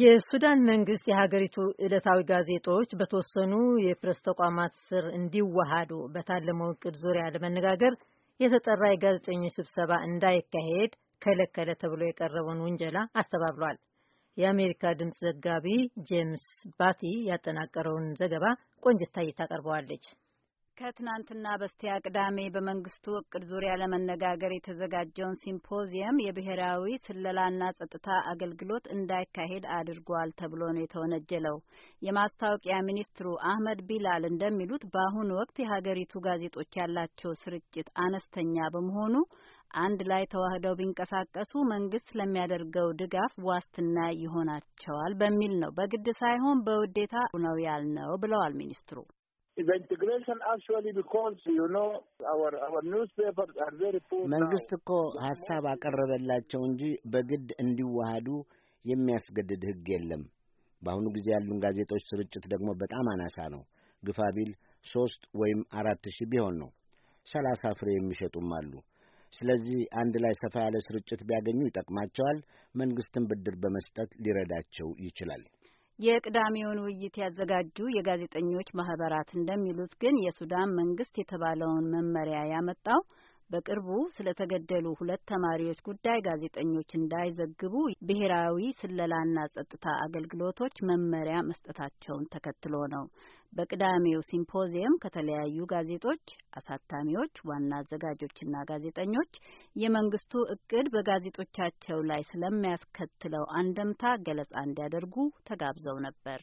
የሱዳን መንግስት የሀገሪቱ ዕለታዊ ጋዜጦች በተወሰኑ የፕሬስ ተቋማት ስር እንዲዋሃዱ በታለመው እቅድ ዙሪያ ለመነጋገር የተጠራ የጋዜጠኞች ስብሰባ እንዳይካሄድ ከለከለ ተብሎ የቀረበውን ውንጀላ አስተባብሏል። የአሜሪካ ድምፅ ዘጋቢ ጄምስ ባቲ ያጠናቀረውን ዘገባ ቆንጅታ ታቀርበዋለች። ከትናንትና በስቲያ ቅዳሜ በመንግስቱ እቅድ ዙሪያ ለመነጋገር የተዘጋጀውን ሲምፖዚየም የብሔራዊ ስለላና ጸጥታ አገልግሎት እንዳይካሄድ አድርጓል ተብሎ ነው የተወነጀለው። የማስታወቂያ ሚኒስትሩ አህመድ ቢላል እንደሚሉት በአሁኑ ወቅት የሀገሪቱ ጋዜጦች ያላቸው ስርጭት አነስተኛ በመሆኑ አንድ ላይ ተዋህደው ቢንቀሳቀሱ መንግስት ለሚያደርገው ድጋፍ ዋስትና ይሆናቸዋል በሚል ነው። በግድ ሳይሆን በውዴታ ነው ያልነው ብለዋል ሚኒስትሩ። መንግስት እኮ ሀሳብ አቀረበላቸው እንጂ በግድ እንዲዋሃዱ የሚያስገድድ ህግ የለም። በአሁኑ ጊዜ ያሉን ጋዜጦች ስርጭት ደግሞ በጣም አናሳ ነው። ግፋ ቢል ሦስት ወይም አራት ሺህ ቢሆን ነው። ሰላሳ ፍሬ የሚሸጡም አሉ። ስለዚህ አንድ ላይ ሰፋ ያለ ስርጭት ቢያገኙ ይጠቅማቸዋል። መንግስትን ብድር በመስጠት ሊረዳቸው ይችላል። የቅዳሜውን ውይይት ያዘጋጁ የጋዜጠኞች ማህበራት እንደሚሉት ግን የሱዳን መንግስት የተባለውን መመሪያ ያመጣው በቅርቡ ስለተገደሉ ሁለት ተማሪዎች ጉዳይ ጋዜጠኞች እንዳይዘግቡ ብሔራዊ ስለላና ጸጥታ አገልግሎቶች መመሪያ መስጠታቸውን ተከትሎ ነው። በቅዳሜው ሲምፖዚየም ከተለያዩ ጋዜጦች፣ አሳታሚዎች፣ ዋና አዘጋጆችና ጋዜጠኞች የመንግስቱ እቅድ በጋዜጦቻቸው ላይ ስለሚያስከትለው አንደምታ ገለጻ እንዲያደርጉ ተጋብዘው ነበር።